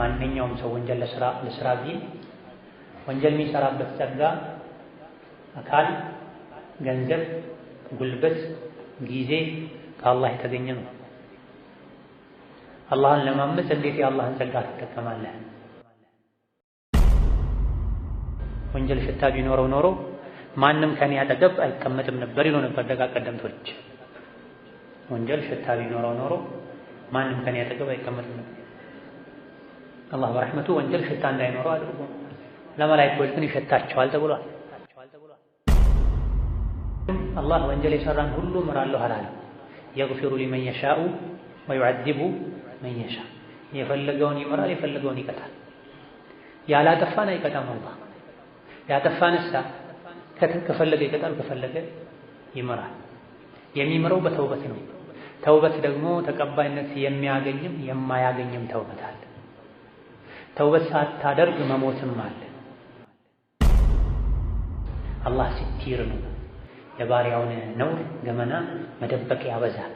ማንኛውም ሰው ወንጀል ለስራ ለስራ ቢል ወንጀል የሚሰራበት ጸጋ፣ አካል፣ ገንዘብ፣ ጉልበት፣ ጊዜ ከአላህ የተገኘ ነው። አላህን ለማመፅ እንዴት የአላህን ጸጋ ትጠቀማለህ? ወንጀል ሽታ ቢኖረው ኖሮ ማንም ከኔ አጠገብ አይቀመጥም ነበር ይሉ ነበር ደጋ ቀደምቶች። ወንጀል ሽታ ቢኖረው ኖሮ ማንም ከኔ አጠገብ አይቀመጥም ነበር። አላህ በረሕመቱ ወንጀል ሽታ እንዳይኖረው አድርጎ ለመላኢኮች ግን ይሸታቸዋል ተብሏል። አላህ ወንጀል የሰራን ሁሉ እምራለሁ አላለም። የግፊሩ ሊመን የሻኡ ወዩዐዚቡ መን የሻ የፈለገውን ይምራል፣ የፈለገውን ይቀጣል። ያላጠፋን አይቀጣም አላህ። ያጠፋንሳ ከፈለገ ይቀጣል፣ ከፈለገ ይምራል። የሚምረው በተውበት ነው። ተውበት ደግሞ ተቀባይነት የሚያገኝም የማያገኝም ተውበት አለ። ተውበት ሳታደርግ መሞትም አለ። አላህ ሲቲር ነው። የባሪያውን ነውር ገመና መደበቅ ያበዛል።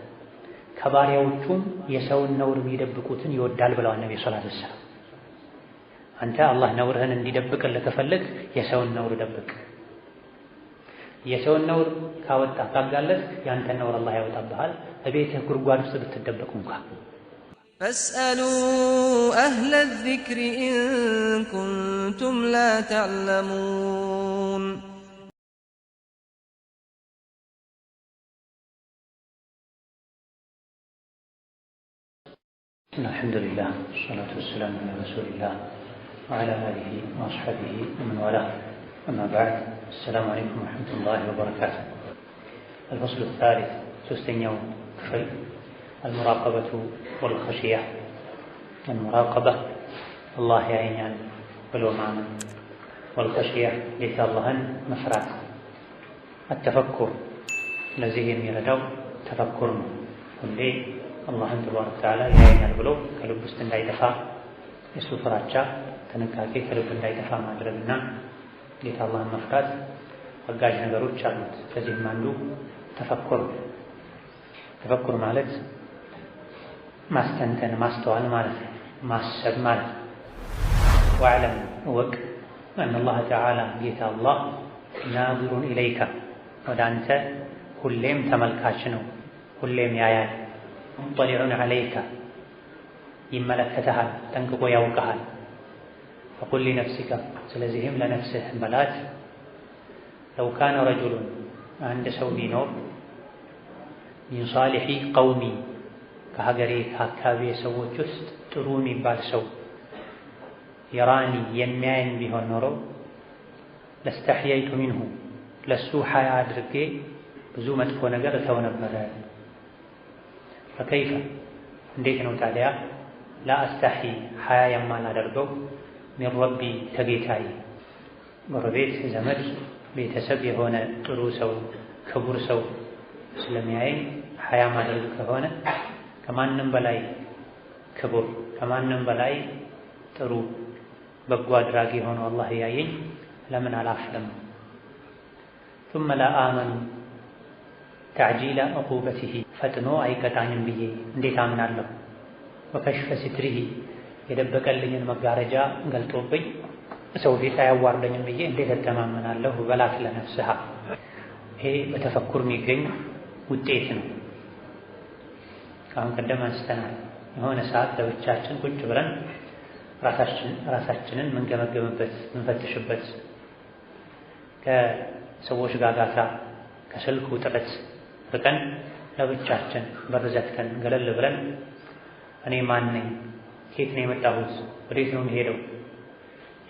ከባሪያዎቹም የሰውን ነውር የሚደብቁትን ይወዳል ብለዋል ነቢ ሰላት ወሰላም። አንተ አላህ ነውርህን እንዲደብቅልህ ከፈለግ የሰውን ነውር ደብቅ። የሰውን ነውር ካወጣ ካጋለጥ የአንተ ነውር አላህ ያወጣብሃል። በቤትህ ጉድጓድ ውስጥ ብትደበቁ እንኳ فاسألوا أهل الذكر إن كنتم لا تعلمون الحمد لله والصلاة والسلام على رسول الله وعلى آله وأصحابه ومن والاه أما بعد السلام عليكم ورحمة الله وبركاته الفصل الثالث تستنيو كفي المراقبة والخشية والمراقبة الله يعين يعني والومانة والخشية ليس الله مفرات التفكر نزيه من الجو تفكر كلي الله تبارك وتعالى يعين البلوغ يعني كلب استنى يدفع يسوف راجع تنكاكي كلب استنى يدفع ما جربنا ليس الله مفرات أجاج نغروت شعبت كذلك ما تفكر تفكر مالك ማስተንተን ማስተዋል ማለት ነው ማሰብ ማለት ነው واعلم ወቅ أن الله تعالى ጌታ አላህ ናዝሩን ኢለይከ ወደ አንተ ሁሌም ተመልካች ነው ሁሌም ያያል ሙጠሊዑን ዐለይከ ይመለከተሃል ጠንቅቆ ያውቀሃል ፈቁል ሊነፍሲከ ስለዚህም ለነፍስህ በላት ለው ካነ ረጁሉን አንድ ሰው ቢኖር ሚን ሳሊሒ ቀውሚ ከሀገሬ ከአካባቢ ሰዎች ውስጥ ጥሩ የሚባል ሰው የራኒ የሚያየኝ ቢሆን ኖሮ ለስተሕያይቱ ሚንሁ ለሱ ሀያ አድርጌ ብዙ መጥፎ ነገር እተው ነበረ። ፈከይፈ እንዴት ነው ታዲያ ላአስታሒ ሐያ የማላደርገው ሚን ረቢ ከጌታዬ ጎረቤት፣ ዘመድ፣ ቤተሰብ የሆነ ጥሩ ሰው ክቡር ሰው ስለሚያየኝ ሀያ ማደርግ ከሆነ ከማንም በላይ ክቡር፣ ከማንም በላይ ጥሩ በጎ አድራጊ የሆነው አላህ እያየኝ ለምን አላፍርም? ثم لا آمن تعجيل ፈጥኖ አይቀጣኝም ብዬ እንዴት አምናለሁ? ወከሽፈ ስትሪሂ የደበቀልኝን መጋረጃ ገልጦብኝ ሰው ፊት አያዋርደኝም ብዬ እንዴት እተማመናለሁ? በላክ ለነፍስሃ ይሄ በተፈኩር የሚገኝ ውጤት ነው። ከአሁን ቀደም አንስተናል። የሆነ ሰዓት ለብቻችን ቁጭ ብለን ራሳችንን ምንገመገምበት ምንፈትሽበት፣ ከሰዎች ጋጋታ ከስልኩ ጥረት ርቀን ለብቻችን በር ዘግተን ገለል ብለን እኔ ማን ነኝ? ኬት ነው የመጣሁት? ወዴት ነው የምሄደው?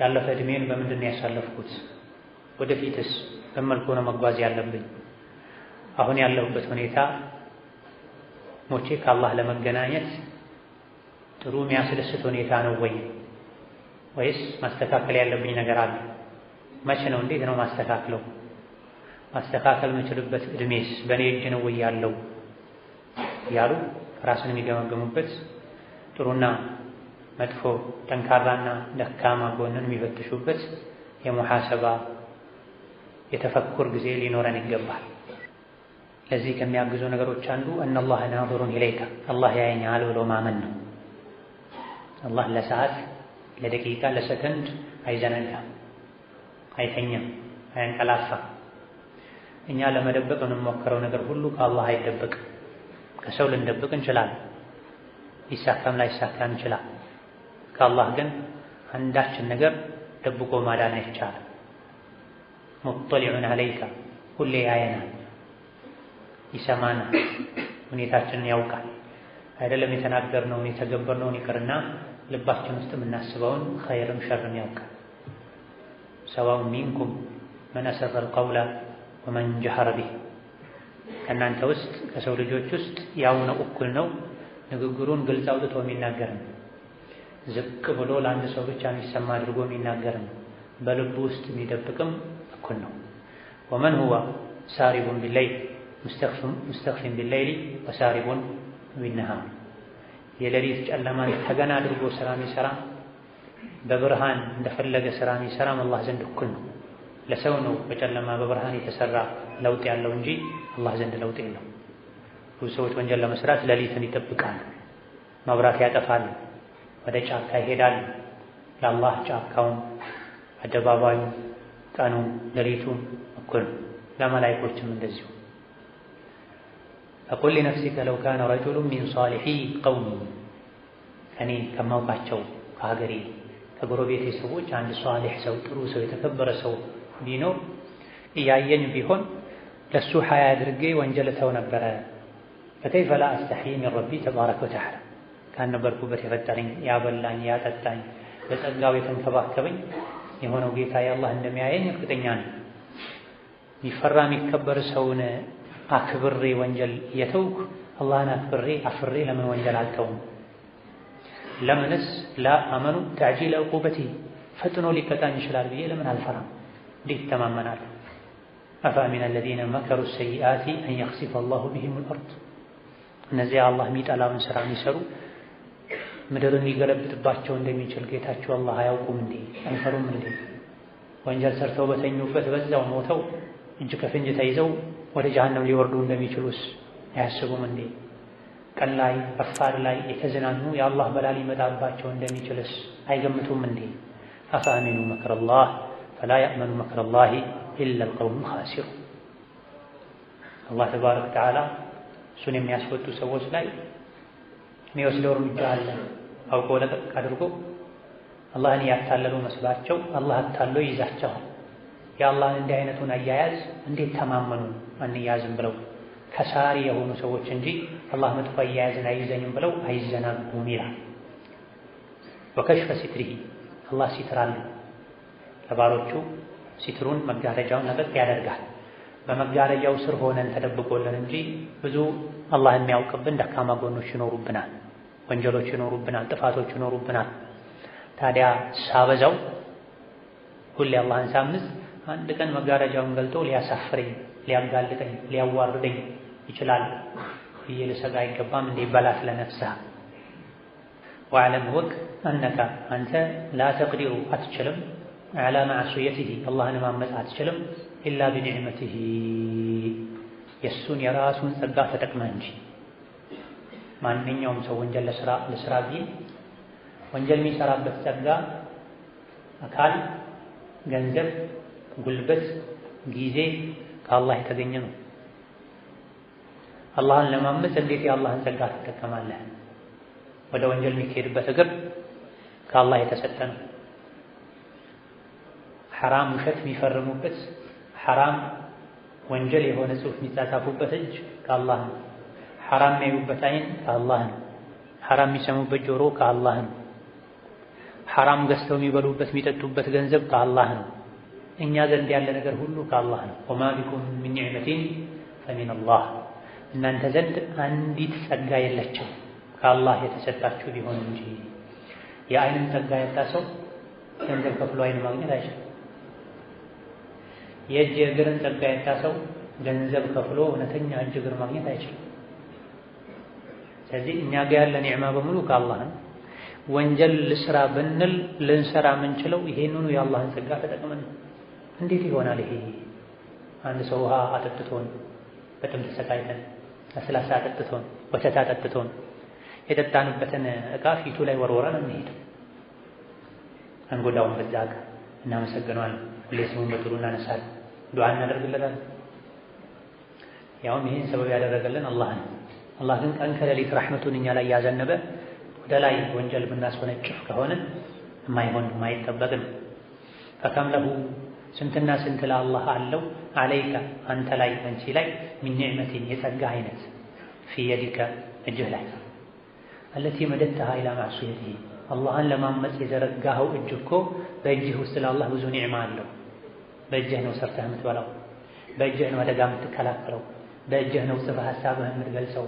ያለፈ እድሜን በምንድን ነው ያሳለፍኩት? ወደፊትስ በመልኩ ነው መጓዝ ያለብኝ? አሁን ያለሁበት ሁኔታ ሞቼ ከአላህ ለመገናኘት ጥሩ የሚያስደስት ሁኔታ ነው ወይ ወይስ ማስተካከል ያለብኝ ነገር አለ? መቼ ነው እንዴት ነው ማስተካከለው? ማስተካከል የምችልበት እድሜስ በእኔ እጅ ነው ወይ ያለው እያሉ ራስን የሚገመገሙበት ጥሩና መጥፎ ጠንካራና ደካማ ጎንን የሚፈትሹበት የሙሐሰባ የተፈኩር ጊዜ ሊኖረን ይገባል። ለዚህ ከሚያግዙ ነገሮች አንዱ እነላህ ናዙሩን ኢለይከ አላህ ያየኛል ብሎ ማመን ነው። አላህ ለሰዓት፣ ለደቂቃ፣ ለሰከንድ አይዘነጋም፣ አይተኛም፣ አያንቀላፋም። እኛ ለመደበቅ የምንሞክረው ነገር ሁሉ ከአላህ አይደበቅም። ከሰው ልንደብቅ እንችላለን፣ ይሳካም ላይሳካም እንችላል። ከአላህ ግን አንዳችን ነገር ደብቆ ማዳን አይቻልም። ሙጠሊዑን አለይከ ሁሌ ያየናል ይሰማና ሁኔታችንን ያውቃል። አይደለም የተናገርነውን የተገበርነውን ይቅርና ልባችን ውስጥ የምናስበውን ኸይርም ሸርም ያውቃል። ሰዋውን ሚንኩም መን አሰረ አልቀውላ ወመን ጀሐረ ቢህ ከእናንተ ውስጥ ከሰው ልጆች ውስጥ ያው ነው፣ እኩል ነው። ንግግሩን ግልጽ አውጥቶ የሚናገርም ዝቅ ብሎ ለአንድ ሰው ብቻ የሚሰማ አድርጎ ነው። በልቡ ውስጥ የሚደብቅም እኩል ነው። ወመን ሁዋ ሳሪቡን ቢለይል ሙስተክፊን ቢለይሊ ወሳሪቡን ቢነሃር የሌሊት ጨለማን ተገና አድርጎ ስራ የሚሰራ በብርሃን እንደፈለገ ስራ የሚሰራም አላህ ዘንድ እኩል ነው። ለሰው ነው በጨለማ በብርሃን የተሰራ ለውጥ ያለው እንጂ አላህ ዘንድ ለውጥ የለው። ብዙ ሰዎች ወንጀል ለመስራት ሌሊትን ይጠብቃሉ፣ መብራት ያጠፋል ወደ ጫካ ይሄዳል ለአላህ ጫካውም አደባባዩ፣ ቀኑ፣ ሌሊቱ እኩል ነው። ለመላይኮችም እንደዚሁ فقل لنفسك لو كان رجل من صالحي قومي أني كم موقع شو كهجري كبروبيتي سوو كان صالح سو تروس ويتكبر سو بينو إياين بيهون لسو حياة رجي وانجلة ونبرا فكيف لا أستحي من ربي تبارك وتعالى كان نبر كوبة فترين يا بلان يا تتان بس أقاوي تنكباه كبين يهونو قيتا يا الله النمي عيني كتنياني مفرامي كبر سونا አክብሬ ወንጀል የተውኩ አላህን አክብሬ አፍሬ ለምን ወንጀል አልተውም? ለምንስ ላ አመኑ ተዕጂለ ዕቁበቲ ፈጥኖ ሊቀጣኝ ይችላል ብዬ ለምን አልፈራም? እንዴት ይተማመናል? አፈአሚነ አለዚነ መከሩ ሰይአቲ አን የኽሲፈ አላሁ ቢሂም አልአርድ እነዚያ አላህ የሚጠላውን ሥራ የሚሰሩ ምድርን ሊገለብጥባቸው እንደሚችል ጌታቸው አላህ አያውቁም እንዴ? አይፈሩም እንዴ? ወንጀል ሰርተው በተኙበት በዛው ሞተው እጅ ከፍንጅ ተይዘው ወደ ጀሀነም ሊወርዱ እንደሚችሉስ አያስቡም እንዴ? ቀን ላይ ረፋድ ላይ የተዝናኑ የአላህ በላ ሊመጣባቸው እንደሚችልስ አይገምቱም እንዴ? አፈአሚኑ መክረላህ ፈላ ያእመኑ መክረላሂ ኢለል ቀውሙ ኻሲሩ። አላህ ተባረከ ወተዓላ እሱን የሚያስወጡ ሰዎች ላይ የሚወስደው እርምጃ አለ። አውቆ ለቀቅ አድርጎ አላህን እያታለሉ መስሏቸው አላህ አታሎ ይይዛቸዋል። የአላህን እንዲህ አይነቱን አያያዝ እንዴት ተማመኑ? ነው አንያዝም ብለው ከሳሪ የሆኑ ሰዎች እንጂ አላህ መጥፎ አያያዝን አይዘኝም ብለው አይዘናጉም ይላል። ወከሽፈ ሲትሪሂ አላህ ሲትራል ለባሮቹ ሲትሩን መጋረጃውን ለቀቅ ያደርጋል። በመጋረጃው ስር ሆነን ተደብቆልን እንጂ ብዙ አላህ የሚያውቅብን ደካማ ጎኖች ይኖሩብናል፣ ወንጀሎች ይኖሩብናል፣ ጥፋቶች ይኖሩብናል። ታዲያ ሳበዛው ሁሌ አላህን ሳምዝ አንድ ቀን መጋረጃውን ገልጦ ሊያሳፍረኝ ሊያጋልጠኝ ሊያዋርደኝ ይችላል ብዬ ልሰጋ አይገባም እንደ ይባላል ለነፍስህ ወዓለም ወቅ አነካ አንተ ላተቅዲሩ አትችልም ዐላ ማዕሱየትህ አላህን ማመፅ አትችልም ኢላ ቢኒዕመትህ የእሱን የራሱን ጸጋ ተጠቅመህ እንጂ ማንኛውም ሰው ወንጀል ለስራ ቢል ወንጀል የሚሰራበት ጸጋ አካል፣ ገንዘብ፣ ጉልበት፣ ጊዜ ከአላህ የተገኘ ነው። አላህን ለማመፅ እንዴት የአላህን ጸጋ ትጠቀማለህ? ወደ ወንጀል የሚካሄድበት እግር ከአላህ የተሰጠ ነው። ሐራም ውሸት የሚፈርሙበት ሐራም ወንጀል የሆነ ጽሑፍ የሚጻጻፉበት እጅ ከአላህ ነው። ሐራም የሚያዩበት አይን ከአላህ ነው። ሐራም የሚሰሙበት ጆሮ ከአላህ ነው። ሐራም ገዝተው የሚበሉበት የሚጠጡበት ገንዘብ ከአላህ ነው። እኛ ዘንድ ያለ ነገር ሁሉ ከአላህ ነው። ወማ ቢኩም ሚን ኒዕመቲን ፈሚን አላህ። እናንተ ዘንድ አንዲት ጸጋ የለችው ከአላህ የተሰጣችሁ ቢሆን እንጂ። የአይንም ጸጋ ያጣ ሰው ገንዘብ ከፍሎ አይን ማግኘት አይችልም። የእጅ የእግርን ጸጋ ያጣ ሰው ገንዘብ ከፍሎ እውነተኛ እጅ እግር ማግኘት አይችልም። ስለዚህ እኛ ጋር ያለ ኒዕማ በሙሉ ከአላህ ነው። ወንጀል ልስራ ብንል ልንሰራ የምንችለው ይሄንኑ የአላህን ጸጋ ተጠቅመን ነው። እንዴት ይሆናል ይሄ? አንድ ሰው ውሃ አጠጥቶን በጥም ተሰቃይተን፣ ለስላሳ አጠጥቶን፣ ወተት አጠጥቶን የጠጣንበትን እቃ ፊቱ ላይ ወርወረን የሚሄደው አንጎዳውን በዛ ዕቃ እናመሰግነዋለን። ሁሌ ስሙን በጥሩ እናነሳል ዱዓ እናደርግለታል። ያውም ይህን ሰበብ ያደረገልን አላህ ነው። አላህ ግን ቀን ከሌሊት ረሕመቱን እኛ ላይ ያዘነበ ወደ ላይ ወንጀል ብናስወነጭፍ ከሆነ የማይሆን የማይጠበቅ ነው። ፈከም ለሁ ስንትና ስንት ለአላህ አለው አለይከ አንተ ላይ አንቺ ላይ ሚን ኒዕመቲን የጸጋ አይነት ፊየዲከ እጅህ ላይ አለቲ መደድተሃ ኢላ ማዕሱየቲሂ አላህን ለማመፅ የዘረጋኸው እጅ እኮ በእጅህ ውስጥ ለአላህ ብዙ ኒዕማ አለው። በእጅህ ነው ሰርተህ የምትበላው፣ በእጅህ ነው አደጋ የምትከላከለው፣ በእጅህ ነው ጽፈህ ሀሳብህ የምትገልጸው፣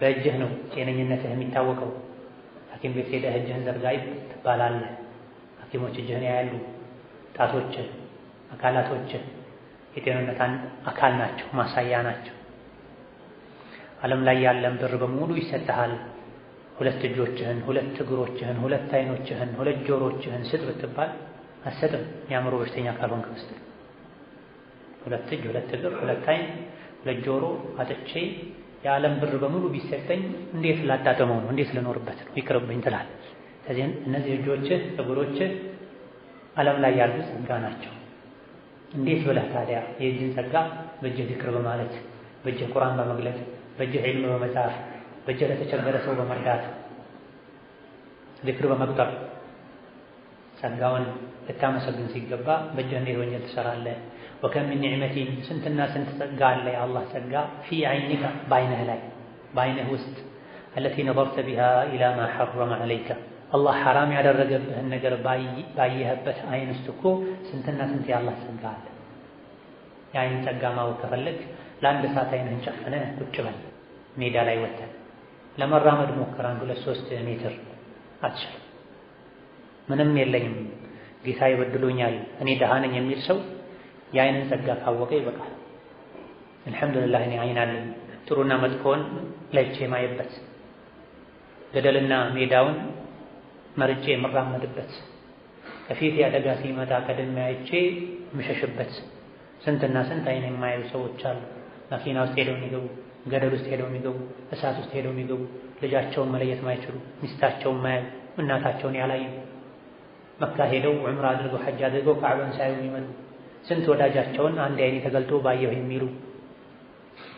በእጅህ ነው ጤነኝነትህ የሚታወቀው። ሐኪም ቤት ሄደህ እጅህን ዘርጋ ትባላለህ። ሐኪሞች እጅህን ያያሉ። ጣቶችን፣ አካላቶችን የጤንነት አካል ናቸው፣ ማሳያ ናቸው። ዓለም ላይ ያለን ብር በሙሉ ይሰጥሃል። ሁለት እጆችህን፣ ሁለት እግሮችህን፣ ሁለት አይኖችህን፣ ሁለት ጆሮችህን ስጥ ብትባል አሰጥም። የአእምሮ በሽተኛ ካልሆንክ በስተቀር ሁለት እጅ፣ ሁለት እግር፣ ሁለት አይን፣ ሁለት ጆሮ አጥቼ የዓለም ብር በሙሉ ቢሰጠኝ እንዴት ላጣጥመው ነው? እንዴት ልኖርበት ነው? ይቅርብኝ ትላለህ። ስለዚህ እነዚህ እጆችህ፣ እግሮችህ ዓለም ላይ ያሉ ጸጋ ናቸው። እንዴት ብለህ ታዲያ የእጅን ጸጋ በእጅህ ዚክር በማለት በእጅህ ቁርአን በመግለጥ በእጅህ ዒልም በመጻፍ በእጅህ ለተቸገረ ሰው በመርዳት ዚክር በመቁጠር ጸጋውን ልታመሰግን ሲገባ በእጅህ እንዴት ወንጀል ትሰራለህ? ወከም ሚን ኒዕመቲን ስንትና ስንት ጸጋ አለ የአላህ ጸጋ ፊ ዐይኒካ በዐይንህ ላይ በዐይንህ ውስጥ አለቲ ነዘርተ ቢሃ ኢላ ማ ሐረመ ዐለይከ አላህ ሐራም ያደረገብህን ነገር ባየህበት አይን ውስጥ እኮ ስንትና ስንት የአላህ ጸጋ አለ። የአይን ጸጋ ማወቅ ከፈለግ ለአንድ ሰዓት አይንህን ጨፍነህ ቁጭ በል። ሜዳ ላይ ወተን ለመራመድ ሞክር አንድ ሁለት ሶስት ሜትር አትችልም። ምንም የለኝም ጌታ ይበድሎኛል እኔ ደሃ ነኝ የሚል ሰው የአይንን ጸጋ ካወቀ ይበቃል። አልሐምዱሊላህ እኔ አይን አለኝ ጥሩና መጥፎውን ለይቼ ማየበት ገደልና ሜዳውን መርጬ የምራመድበት ከፊት ያደጋ ሲመጣ ቀድሜ አይቼ የምሸሽበት ስንትና ስንት አይን የማያዩ ሰዎች አሉ። መኪና ውስጥ ሄደው የሚገቡ፣ ገደል ውስጥ ሄደው የሚገቡ፣ እሳት ውስጥ ሄደው የሚገቡ፣ ልጃቸውን መለየት ማይችሉ፣ ሚስታቸውን ማያዩ፣ እናታቸውን ያላዩ፣ መካ ሄደው ዑምራ አድርገው ሐጅ አድርገው ካዕባን ሳያዩ የሚመጡ ስንት ወዳጃቸውን አንድ አይኔ ተገልጦ ባየሁ የሚሉ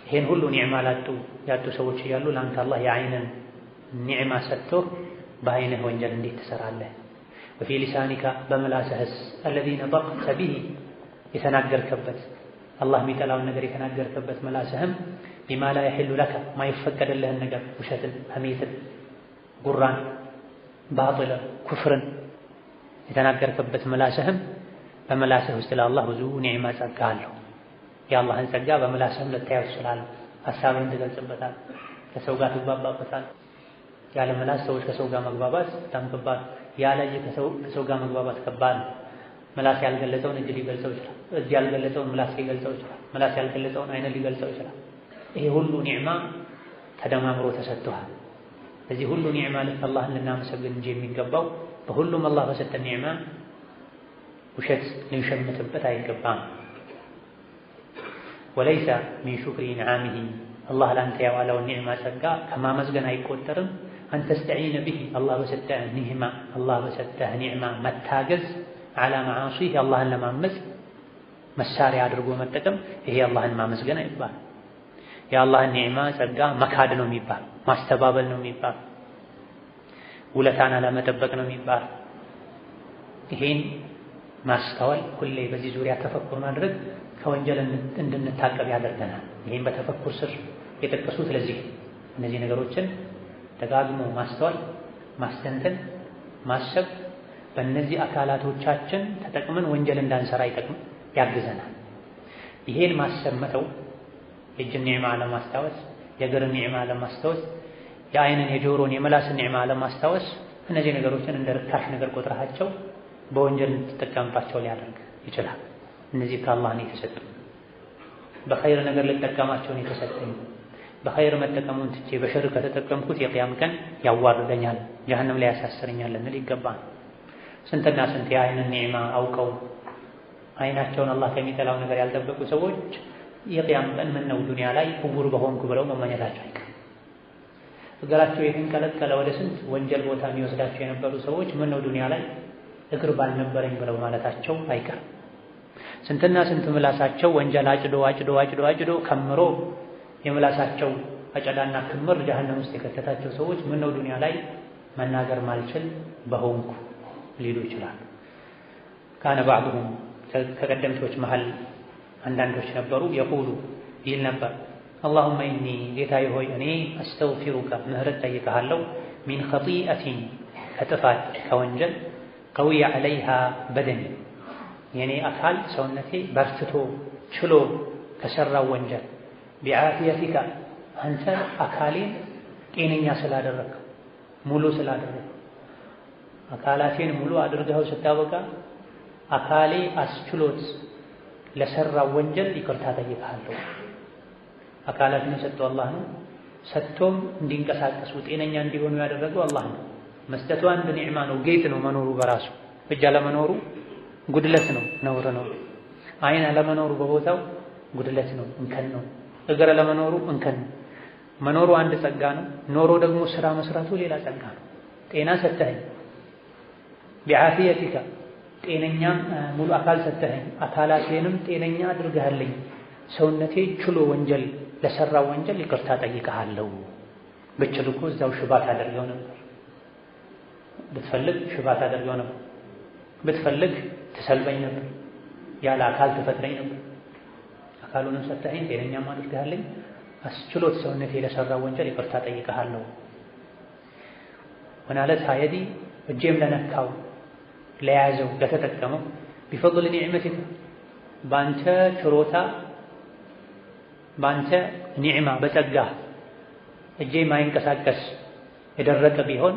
ይሄን ሁሉ ኒዕማ ላጡ ያጡ ሰዎች እያሉ ለአንተ አላህ የአይንን ኒዕማ ሰጥቶ በአይንህ ወንጀል እንዴት ትሰራለህ? ወፊ ሊሳኒካ በመላሰህስ አለዚ ነጠቅተ ቢሂ የተናገርከበት አላህ የሚጠላውን ነገር የተናገርከበት ምላስህም ቢማ ላ የሕሉ ለካ ማይፈቀደልህን ነገር ውሸትን፣ ሐሜትን፣ ጉራን፣ ባጥልን፣ ኩፍርን የተናገርከበት ምላስህም በመላሰህ ውስጥ ለአላህ ብዙ ኒዕማ ጸጋ አለው። የአላህን ጸጋ በምላስህም ልታየው ትችላለህ። ሀሳብህን ትገልጽበታል። ከሰው ጋር ትግባባበታል። ያለ ምላስ ሰዎች ከሰው ጋር መግባባት በጣም ከባድ፣ ያለ እጅ ከሰው ጋር መግባባት ከባድ። ምላስ ያልገለጸውን እጅ ሊገልጸው ይችላል። እጅ ያልገለጸውን ምላስ ሊገልጸው ይችላል። ምላስ ያልገለጸውን አይነ ሊገልጸው ይችላል። ይሄ ሁሉ ኒዕማ ተደማምሮ ተሰጥቷል። እዚህ ሁሉ ኒዕማ ልክ አላህን ልናመሰግን እንጂ የሚገባው በሁሉም አላህ በሰጠን ኒዕማ ውሸት ልንሸምትበት አይገባም። ወለይሰ ሚን ሹክሪ ንዓሚሂ አላህ ላንተ ያዋለውን ኒዕማ ጸጋ ከማመስገን አይቆጠርም። أن تستعين به الله وستهنهما الله وستهنعما ما التاقز على معاصيه الله لما مزق ما الساري على رقوم التقم هي الله لما مزقنا يبال يا الله النعمة سرقا ما كادنا ميبال ما استبابلنا ميبال ولتانا لما تبقنا ميبال هين ما استوال كل اللي بزي زوريا تفكر من رد كوانجل اندن التاقب يادر دنا هين بتفكر سر يتكسوث لزيه نزي نقروتشن ደጋግሞ ማስተዋል፣ ማስተንተን፣ ማሰብ በእነዚህ አካላቶቻችን ተጠቅመን ወንጀል እንዳንሰራ ይጠቅም ያግዘናል። ይሄን ማሰብ መተው የእጅን ኒዕማ አለማስታወስ፣ የእግርን ኒዕማ አለማስታወስ፣ የአይንን የጆሮን የመላስን ኒዕማ አለማስታወስ እነዚህ ነገሮችን እንደ ርካሽ ነገር ቆጥረሃቸው በወንጀል እንድትጠቀምባቸው ሊያደርግ ይችላል። እነዚህ ከአላህ ነው የተሰጡኝ፣ በኸይር ነገር ልጠቀማቸው ነው የተሰጡኝ በኸይር መጠቀሙን ትቼ በሸር ከተጠቀምኩት የቅያም ቀን ያዋርደኛል፣ ጀሀነም ላይ ያሳስረኛል ልንል ይገባል። ስንትና ስንት የአይንን ኒዕማ አውቀው አይናቸውን አላህ ከሚጠላው ነገር ያልጠበቁ ሰዎች የቅያም ቀን ምን ዱንያ ላይ እውር በሆንኩ ብለው መመኘታቸው አይቀርም። እግራቸው የተንቀለቀለ ወደ ስንት ወንጀል ቦታ የሚወስዳቸው የነበሩ ሰዎች ምነው ዱንያ ላይ እግር ባልነበረኝ ብለው ማለታቸው አይቀርም። ስንትና ስንት ምላሳቸው ወንጀል አጭዶ አጭዶ አጭዶ አጭዶ ከምሮ የምላሳቸው አጨዳና ክምር ጀሀነም ውስጥ የከተታቸው ሰዎች ምነው ዱንያ ላይ መናገር ማልችል በሆንኩ ሊሉ ይችላሉ። ካነ ባዕዱሁም ከቀደምቶች መሃል አንዳንዶች ነበሩ የቁሉ ይል ነበር አላሁመ ኢኒ ጌታዬ ሆይ እኔ አስተውፊሩከ ምህረት ጠይቀሃለሁ ሚን ኸጢአቲን ከጥፋት ከወንጀል ቀውየ ዐለይሃ በደኒ የእኔ አካል ሰውነቴ በርትቶ ችሎ ከሠራው ወንጀል ቢዓፊየቲካ አንተ አካሌን ጤነኛ ስላደረግከው ሙሉ ስላደረግከው አካላቴን ሙሉ አድርገኸው ስታበቃ አካሌ አስችሎት ለሰራው ወንጀል ይቅርታ ጠይቀሃለሁ። አካላትን የሰጠው አላህ ነው። ሰጥቶም እንዲንቀሳቀሱ ጤነኛ እንዲሆኑ ያደረገው አላህ ነው። መስጠቱ አንድ ኒዕማ ነው፣ ጌጥ ነው። መኖሩ በራሱ እጅ አለመኖሩ ጉድለት ነው፣ ነውር ነው። አይን አለመኖሩ በቦታው ጉድለት ነው፣ እንከን ነው። እግር ለመኖሩ እንከን መኖሩ አንድ ጸጋ ነው። ኖሮ ደግሞ ስራ መስራቱ ሌላ ጸጋ ነው። ጤና ሰተኸኝ ቢዓፊየቲካ ጤነኛ ሙሉ አካል ሰተኸኝ፣ አካላቴንም ጤነኛ አድርገሃለኝ። ሰውነቴ ችሎ ወንጀል ለሰራ ወንጀል ይቅርታ ጠይቀሃለሁ። ብችል እኮ እዛው ሽባ ታደርገው ነበር፣ ብትፈልግ ሽባ ታደርገው ነበር፣ ብትፈልግ ትሰልበኝ ነበር፣ ያለ አካል ትፈጥረኝ ነበር አካሉንም ሰታኝ ጤነኛም አድርገሃለኝ አስችሎት ሰውነቴ ለሠራው ወንጀል ይቅርታ ጠይቀሃለሁ። ወናለት ሀየዲ እጄም ለነካው ለያዘው ለተጠቀመው ቢፈضል ኒዕመቲከ በአንተ ችሮታ በአንተ ኒዕማ በጸጋ እጄ ማይንቀሳቀስ የደረቀ ቢሆን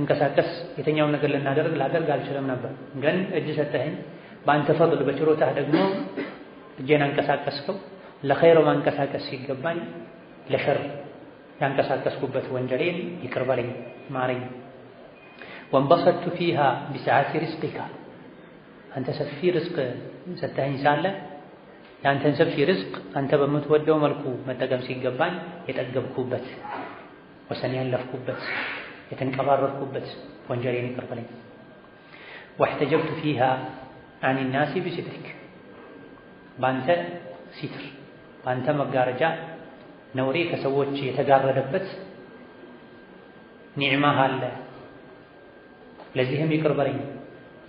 እንቀሳቀስ የተኛውን ነገር ልናደርግ ላደርግ አልችልም ነበር። ግን እጅ ሰጠኸኝ፣ በአንተ ፈضል በችሮታህ ደግሞ እጄን አንቀሳቀስከው ለኸይር ማንቀሳቀስ ሲገባኝ ለሸር ያንቀሳቀስኩበት ወንጀሌን ይቅር በለኝ ማረኝ። ወንበሰቱ ፊሃ ቢሰዓቲ ሪዝቂካ አንተ ሰፊ ርዝቅ ሰተኸኝ ሳለ የአንተን ሰፊ ርዝቅ አንተ በምትወደው መልኩ መጠቀም ሲገባኝ የጠገብኩበት፣ ወሰን ያለፍኩበት፣ የተንቀባረርኩበት ወንጀሌን ይቅር በለኝ። ወሕተጀብቱ ፊሃ አን ናሲ ቢሲትሪክ ባንተ ሲትር ባንተ መጋረጃ ነውሬ ከሰዎች የተጋረደበት ኒዕማህ አለ። ለዚህም ይቅር በለኝ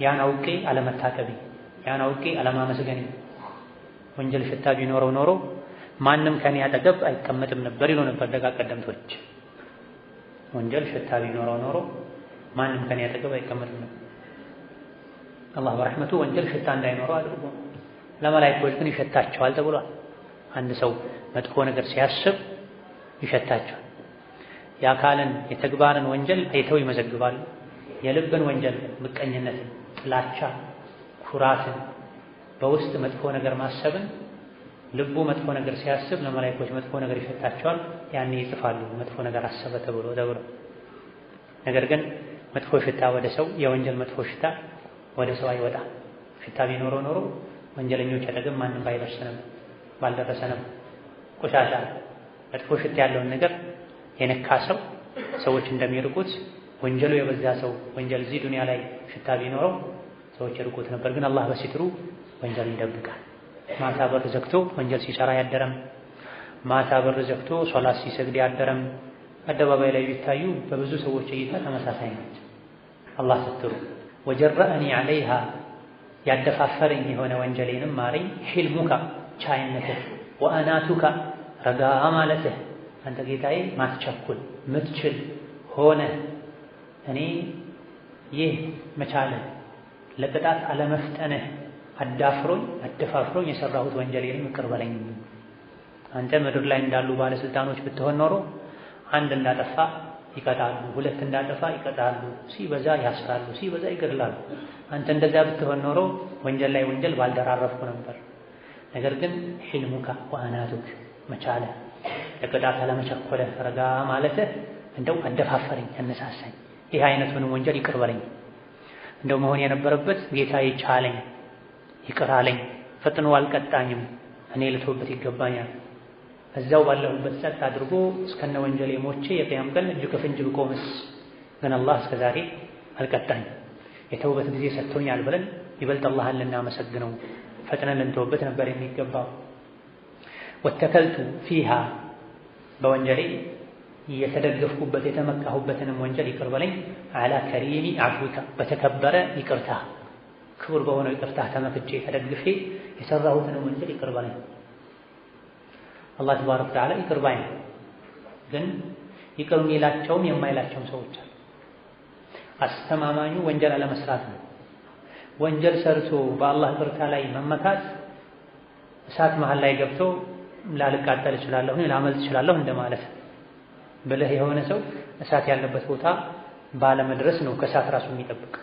ያን አውቄ አለመታቀቤ፣ ያን አውቄ አለማመስገኔ። ወንጀል ሽታ ቢኖረው ኖሮ ማንም ከኔ አጠገብ አይቀመጥም ነበር ይሉ ነበር ደጋ ቀደምቶች። ወንጀል ሽታ ቢኖረው ኖሮ ማንም ከኔ አጠገብ አይቀመጥም ነበር። አላህ በረሕመቱ ወንጀል ሽታ እንዳይኖረው አድርጎ ለመላይኮች ግን ይሸታቸዋል ተብሏል። አንድ ሰው መጥፎ ነገር ሲያስብ ይሸታቸዋል። የአካልን የተግባርን ወንጀል አይተው ይመዘግባሉ። የልብን ወንጀል ምቀኝነትን፣ ጥላቻ፣ ኩራትን፣ በውስጥ መጥፎ ነገር ማሰብን ልቡ መጥፎ ነገር ሲያስብ ለመላይኮች መጥፎ ነገር ይሸታቸዋል። ያኔ ይጽፋሉ መጥፎ ነገር አሰበ ተብሎ ተብሎ ነገር ግን መጥፎ ሽታ ወደ ሰው የወንጀል መጥፎ ሽታ ወደ ሰው አይወጣም። ሽታ ቢኖረው ኖሮ ወንጀለኞች አጠገብ ማንም ባይደርስ ባልደረሰንም ባልደረሰ ነበር። ቆሻሻ መጥፎ ሽታ ያለውን ነገር የነካ ሰው ሰዎች እንደሚርቁት ወንጀሉ የበዛ ሰው ወንጀል እዚህ ዱንያ ላይ ሽታ ቢኖረው ሰዎች ይርቁት ነበር። ግን አላህ በሲትሩ ወንጀል ይደብቃል። ማታ በር ዘግቶ ወንጀል ሲሰራ ያደረም፣ ማታ በር ዘግቶ ሶላት ሲሰግድ ያደረም አደባባይ ላይ ቢታዩ በብዙ ሰዎች እይታ ተመሳሳይ ናቸው። አላህ ስትሩ ወጀረአኒ ዐለይሃ ያደፋፈረኝ የሆነ ወንጀሌንም ማረኝ። ሒልሙካ ቻይነትህ፣ ወአናቱካ ረጋ ማለትህ፣ አንተ ጌታዬ ማትቸኩል ምትችል ሆነ እኔ ይህ መቻልህ ለቅጣት አለመፍጠንህ አዳፍሮኝ አደፋፍሮኝ የሰራሁት ወንጀሌንም ይቅር በለኝ። አንተ ምድር ላይ እንዳሉ ባለስልጣኖች ብትሆን ኖሮ አንድ እንዳጠፋ ይቀጣሉ፣ ሁለት እንዳጠፋ ይቀጣሉ፣ ሲበዛ ያስራሉ፣ ሲበዛ ይገድላሉ። አንተ እንደዚያ ብትሆን ኖሮ ወንጀል ላይ ወንጀል ባልደራረፍኩ ነበር። ነገር ግን ሒልሙካ ወአናቱክ መቻለ ለቅጣት አለመቸኮለ ረጋ ማለትህ እንደው አደፋፈረኝ፣ አነሳሳኝ። ይህ አይነቱንም ወንጀል ይቅር በለኝ፣ እንደው መሆን የነበረበት ጌታ ይቻለኝ፣ ይቅር አለኝ፣ ፈጥኖ አልቀጣኝም፣ እኔ ልተውበት ይገባኛል እዛው ባለሁበት ጸጥ አድርጎ እስከነ ወንጀሌ ሞቼ የቅያም ቀን እጅ ከፍንጅ ብቆምስ ግን አላህ እስከ ዛሬ አልቀጣኝ የተውበት ጊዜ ሰጥቶኛል ብለን ይበልጥ አላህን ልናመሰግነው ፈጥነን ልንተውበት ነበር የሚገባው። ወተከልቱ ፊሃ በወንጀሌ የተደገፍኩበት የተመካሁበትንም ወንጀል ይቅር በለኝ። አላ ከሪሚ አፍዊካ በተከበረ ይቅርታ ክቡር በሆነው ይቅርታ ተመክቼ ተደግፌ የሰራሁትንም ወንጀል ይቅር በለኝ። አላህ ተባረከ ወተዓላ ይቅር ባይ ነው። ግን ይቅር የሚላቸውም የማይላቸውም ሰዎች አሉ። አስተማማኙ ወንጀል አለመስራት ነው። ወንጀል ሰርቶ በአላህ ቅርታ ላይ መመካት እሳት መሃል ላይ ገብቶ ላልቃጠል እችላለሁ፣ ላመልጥ እችላለሁ እንደማለት ብልህ የሆነ ሰው እሳት ያለበት ቦታ ባለመድረስ ነው ከእሳት ራሱ የሚጠብቅ።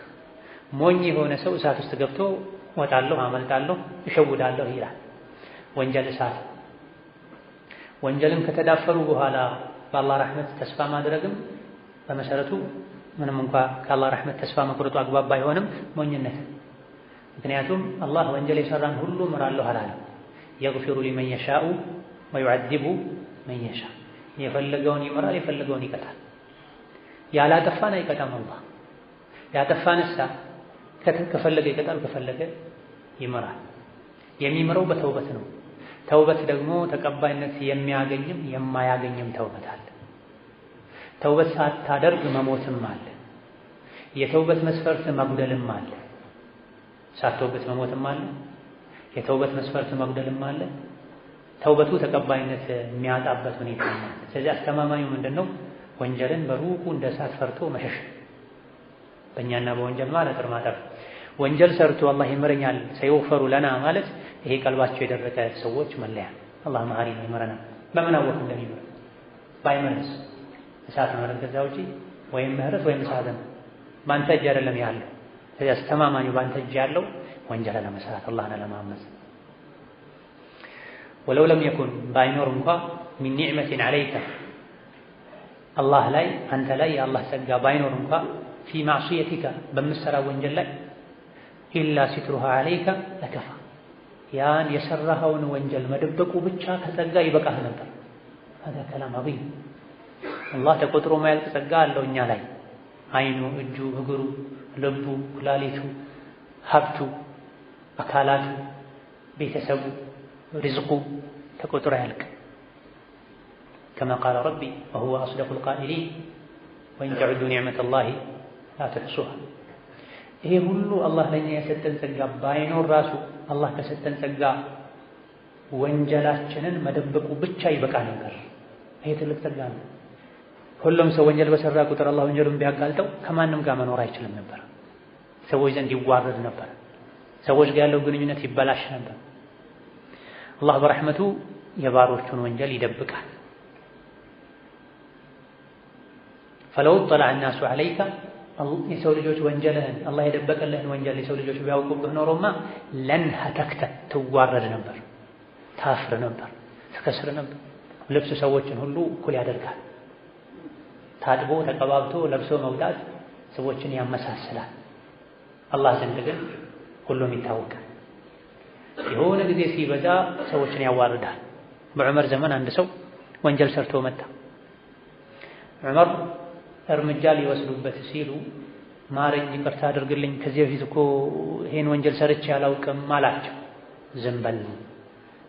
ሞኝ የሆነ ሰው እሳት ውስጥ ገብቶ ወጣለሁ፣ አመልጣለሁ፣ እሸውዳለሁ ይላል። ወንጀል እሳት ወንጀልን ከተዳፈሩ በኋላ በአላህ ረሕመት ተስፋ ማድረግም በመሰረቱ ምንም እንኳ ከአላህ ረሕመት ተስፋ መቁረጡ አግባብ ባይሆንም ሞኝነት። ምክንያቱም አላህ ወንጀል የሰራን ሁሉ ምራለሁ አላለም። የግፊሩ ሊመን የሻኡ ወዩዓዚቡ መን የሻ፣ የፈለገውን ይምራል፣ የፈለገውን ይቀጣል። ያላጠፋን አይቀጣም አላህ። ያጠፋንሳ ከፈለገ ይቀጣል፣ ከፈለገ ይምራል። የሚምረው በተውበት ነው። ተውበት ደግሞ ተቀባይነት የሚያገኝም የማያገኝም ተውበት አለ። ተውበት ሳታደርግ መሞትም አለ። የተውበት መስፈርት መጉደልም አለ። ሳትተውበት መሞትም አለ። የተውበት መስፈርት መጉደልም አለ። ተውበቱ ተቀባይነት የሚያጣበት ሁኔታ አለ። ስለዚህ አስተማማኙ ምንድነው? ወንጀልን በሩቁ እንደ እሳት ፈርቶ መሸሽ። በእኛና በወንጀል ማለት እርማጠር ወንጀል ሰርቶ አላህ ይምረኛል ሰይወፈሩ ለና ማለት ይሄ ቀልባቸው የደረቀ ሰዎች መለያ። አላህ መሀሪ ነው፣ ይመረናል። በምን አወቅ እንደሚመር ባይመርስ እሳት ነው ከዛ ውጪ ወይም ምህረት ወይም እሳት ነው። ባንተ እጅ አይደለም ያለው። ስለዚህ አስተማማኝ ባንተ እጅ ያለው ወንጀል ለመስራት አላህን ለማመጽ ወለው ለም የኩን ባይኖር እንኳ ሚን ኒዕመቲን ዓለይከ አላህ ላይ አንተ ላይ የአላህ ጸጋ ባይኖር እንኳ ፊ ማዕስየቲከ በምሰራ ወንጀል ላይ ኢላ ሲትሩሃ ዓለይከ ለከፋ ያን የሰራኸውን ወንጀል መደበቁ ብቻ ከጸጋ ይበቃህ ነበር። ሀዛ ከላም አብይ አላህ ተቆጥሮ ማያልቅ ጸጋ አለው እኛ ላይ አይኑ፣ እጁ፣ እግሩ፣ ልቡ፣ ኩላሊቱ፣ ሀብቱ፣ አካላቱ፣ ቤተሰቡ፣ ሪዝቁ ተቆጥሮ ያልቅ ከማ ቃለ ረቢ ወሁወ አስደቁል ቃኢሊን ወኢን ተዕዱ ኒዕመተ ላ ትሕሱሃ ይሄ ሁሉ አላህ ለእኛ የሰጠን ጸጋ ባይኖር ራሱ አላህ ከሰጠን ጸጋ ወንጀላችንን መደበቁ ብቻ ይበቃ ነበር። ይሄ ትልቅ ጸጋ ነው። ሁሉም ሰው ወንጀል በሰራ ቁጥር አላህ ወንጀሉን ቢያጋልጠው ከማንም ጋር መኖር አይችልም ነበር። ሰዎች ዘንድ ይዋረድ ነበር። ሰዎች ጋር ያለው ግንኙነት ይበላሽ ነበር። አላህ በረሕመቱ የባሮቹን ወንጀል ይደብቃል። ፈለው ጠላ እናሱ ዓለይከ የሰው ልጆች ወንጀልህን አላህ የደበቀልህን ወንጀል የሰው ልጆች ቢያውቁብህ ኖሮማ ለንሀተክተ ትዋረድ ነበር፣ ታፍር ነበር፣ ትከስር ነበር። ልብስ ሰዎችን ሁሉ እኩል ያደርጋል። ታጥቦ ተቀባብቶ ለብሶ መውጣት ሰዎችን ያመሳስላል። አላህ ዘንድ ግን ሁሉም ይታወቃል። የሆነ ጊዜ ሲበዛ ሰዎችን ያዋርዳል። በዑመር ዘመን አንድ ሰው ወንጀል ሰርቶ መጣ ዑመር እርምጃ ሊወስዱበት ሲሉ ማረኝ፣ ይቅርታ አድርግልኝ፣ ከዚህ በፊት እኮ ይሄን ወንጀል ሰርቼ አላውቅም አላቸው። ዝም በል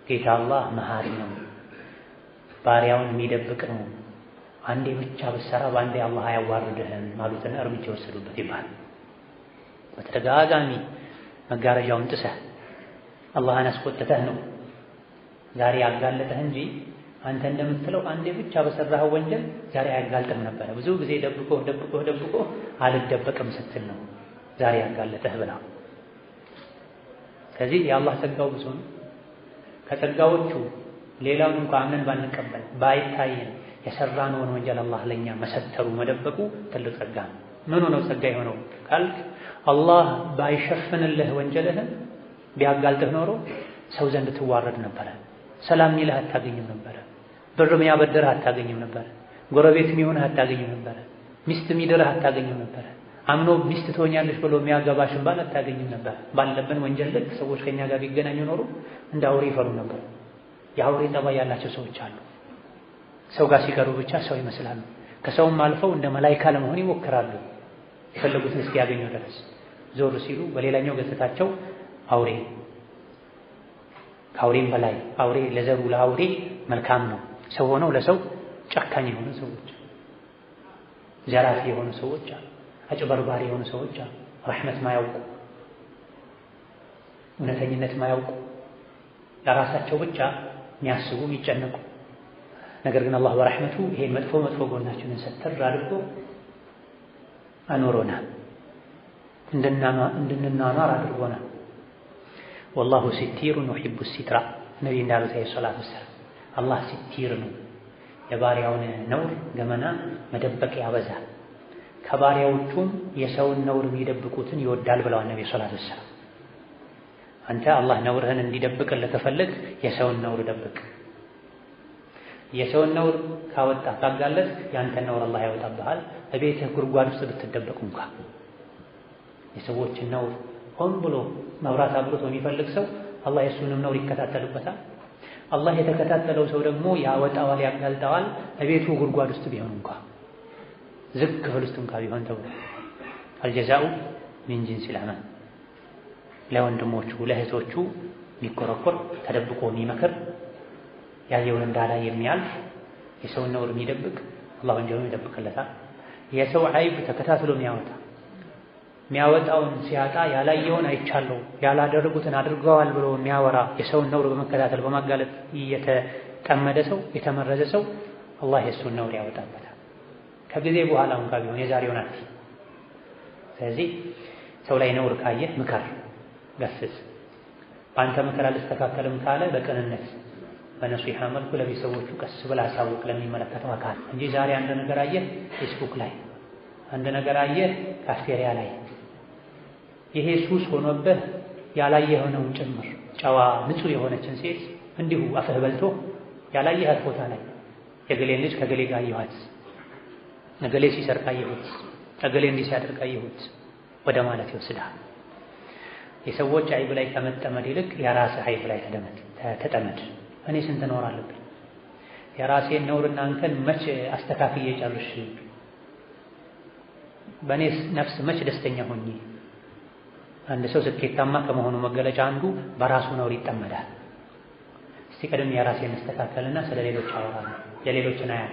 ጌታ አላህ መሃሪ ነው፣ ባሪያውን የሚደብቅ ነው። አንዴ ብቻ ብትሰራ በአንዴ አላህ አያዋርድህም ማሉትን እርምጃ የወሰዱበት ይባላል። በተደጋጋሚ መጋረጃውን ጥሰህ አላህን አስቆጥተህ ነው ዛሬ ያጋለጠህ እንጂ አንተ እንደምትለው አንዴ ብቻ በሰራኸው ወንጀል ዛሬ አያጋልጥም ነበረ። ብዙ ጊዜ ደብቆህ ደብቆ ደብቆ አልደበቅም ስትል ነው ዛሬ ያጋለጠህ ብላ። ከዚህ የአላህ ጸጋው ብዙ ነው። ከጸጋዎቹ ሌላውን እንኳ አምነን ባንቀበል ባይታየን የሰራነውን ወንጀል አላህ ለኛ መሰተሩ መደበቁ ትልቅ ጸጋ ነው። ምኑ ነው ጸጋ የሆነው ካልክ አላህ ባይሸፍንልህ ወንጀልህን ቢያጋልጥህ ኖሮ ሰው ዘንድ ትዋረድ ነበረ። ሰላም የሚልህ አታገኝም ነበረ። ብር የሚያበድርህ አታገኝም ነበረ። ጎረቤት የሚሆንህ አታገኝም ነበረ። ሚስት የሚድርህ አታገኝም ነበረ። አምኖ ሚስት ትሆኛለሽ ብሎ የሚያገባሽን ባል አታገኝም ነበር። ባለብን ወንጀል ልክ ሰዎች ከኛ ጋር ቢገናኙ ኖሩ እንደ አውሬ ይፈሩ ነበር። የአውሬ ጠባይ ያላቸው ሰዎች አሉ። ሰው ጋር ሲቀሩ ብቻ ሰው ይመስላሉ። ከሰውም አልፈው እንደ መላይካ ለመሆን ይሞክራሉ፣ የፈለጉትን እስኪያገኙ ድረስ። ዞር ሲሉ በሌላኛው ገጽታቸው አውሬ ከአውሬም በላይ አውሬ ለዘሩ ለአውሬ መልካም ነው። ሰው ሆነው ለሰው ጨካኝ የሆኑ ሰዎች ዘራፊ የሆኑ ሰዎች አሉ። አጭበርባሪ የሆኑ ሰዎች አሉ። ረሕመት ማያውቁ እውነተኝነት ማያውቁ ለራሳቸው ብቻ የሚያስቡ የሚጨነቁ ነገር ግን አላህ በረሕመቱ ይሄን መጥፎ መጥፎ ጎናችንን ሰትር አድርጎ አኖሮናል። እንድንናኗር አድርጎናል። ወላሁ ሲቲሩን ዩሒቡ ሲትራ ነቢይ እንዳሉት ዐለይሂ ሰላቱ ወሰላም አላህ ሲቲር ነው፣ የባሪያውን ነውር ገመና መደበቅ ያበዛል። ከባሪያዎቹም የሰውን ነውር የሚደብቁትን ይወዳል ብለዋል ነቢ ሰላቱ ወሰላም። አንተ አላህ ነውርህን እንዲደብቅልህ ከፈለግ የሰውን ነውር ደብቅ። የሰውን ነውር ካወጣ ካጋለጥ ያንተን ነውር አላህ ያወጣብሃል። እቤትህ ጉድጓድ ውስጥ ብትደበቁ እንኳ የሰዎችን ነውር ሆን ብሎ መብራት አብርቶ የሚፈልግ ሰው አላህ የእሱንም ነውር ይከታተልበታል። አላህ የተከታተለው ሰው ደግሞ ያወጣዋል፣ ያጋልጠዋል። እቤቱ ጉድጓድ ውስጥ ቢሆን እንኳ ዝግ ክፍል ውስጥ እንኳ ቢሆን ተብሎ አልጀዛኡ ሚን ጂንሲል አመል ለወንድሞቹ ለእህቶቹ የሚቆረቆር ተደብቆ የሚመክር ያየውን እንዳላ የሚያልፍ የሰውን ነውር የሚደብቅ አላህ ወንጀሉን ይደብቅለታል። የሰው አይብ ተከታትሎ የሚያወጣ የሚያወጣውን ሲያጣ ያላየውን አይቻለሁ ያላደረጉትን አድርገዋል ብሎ የሚያወራ የሰውን ነውር በመከታተል በማጋለጥ እየተጠመደ ሰው የተመረዘ ሰው አላህ የእሱን ነውር ያወጣበታል። ከጊዜ በኋላ እንኳ ቢሆን የዛሬውን አት ስለዚህ ሰው ላይ ነውር ካየህ ምከር፣ ገስጽ። በአንተ ምክር አልስተካከልም ካለ በቅንነት በነሱሃ መልኩ ለቤተሰቦቹ ቀስ ብለህ አሳውቅ ለሚመለከተው አካል እንጂ ዛሬ አንድ ነገር አየህ ፌስቡክ ላይ አንድ ነገር አየህ ካፍቴሪያ ላይ ይሄ ሱስ ሆኖብህ የሆነው ጭምር ጨዋ ንጹህ የሆነችን ሴት እንዲሁ አፍህ በልቶ ያላየሃት ቦታ ላይ የገሌን ልጅ ከገሌ ጋር አየኋት፣ እገሌ ሲሰርቅ አየሁት፣ እገሌ እንዲህ ሲያደርግ አየሁት ወደ ማለት ይወስድሃል። የሰዎች አይብ ላይ ከመጠመድ ይልቅ የራስህ አይብ ላይ ተደመድ ተጠመድ። እኔ ስንት ኖር አለብኝ? የራሴን ነውርና እንከን መች አስተካክዬ ጨርሽ? በእኔ ነፍስ መች ደስተኛ ሆኜ አንድ ሰው ስኬታማ ከመሆኑ መገለጫ አንዱ በራሱ ነውር ይጠመዳል። እስቲ ቀደም የራሴን መስተካከልና ስለ ሌሎች አወራለሁ፣ የሌሎችን አያ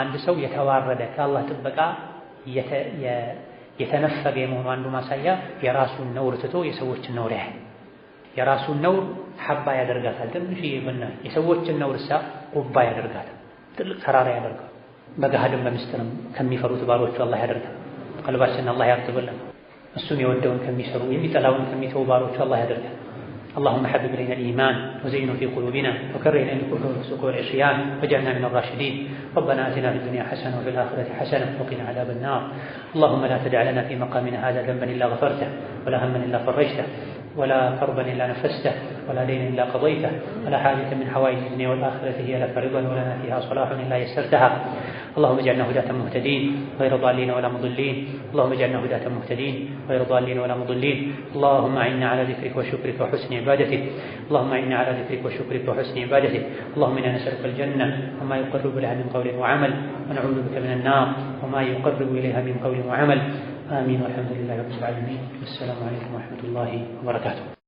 አንድ ሰው የተዋረደ ከአላህ ጥበቃ የተነፈገ የመሆኑ አንዱ ማሳያ የራሱን ነውር ትቶ የሰዎችን ነውር ያህል የራሱን ነውር ሀባ ያደርጋታል፣ ትንሽ ብና የሰዎችን ነውር ሳ ቁባ ያደርጋታል፣ ትልቅ ተራራ ያደርጋል። በገሃድም በምስጢርም ከሚፈሩት ባሮቹ አላህ ያደርጋል። ቀልባችን አላህ ያርጥብልን። እሱን የወደውን ከሚሰሩ የሚጠላውን ከሚተው ባሮቹ الله ያደርጋል። اللهم حبب إلينا الإيمان وزينه في قلوبنا وكره إلينا الكفر والفسوق والعصيان واجعلنا من الراشدين ربنا آتنا في الدنيا حسنة وفي الآخرة حسنة وقنا عذاب النار اللهم لا تدع لنا في مقامنا هذا ذنبا إلا غفرته ولا هما إلا فرجته ولا كربا إلا نفسته ولا دين إلا قضيته ولا حاجة من حوائج الدنيا والآخرة هي لك رضا ولنا فيها صلاح إلا يسرتها اللهم اجعلنا هداة مهتدين غير ضالين ولا مضلين اللهم اجعلنا هداة مهتدين غير ضالين ولا مضلين اللهم أعنا على ذكرك وشكرك وحسن عبادتك اللهم أعنا على ذكرك وشكرك وحسن عبادتك اللهم إنا نسألك الجنة وما يقرب لها من قول وعمل ونعوذ بك من النار وما يقرب إليها من قول وعمل آمين والحمد لله رب العالمين والسلام عليكم ورحمة الله وبركاته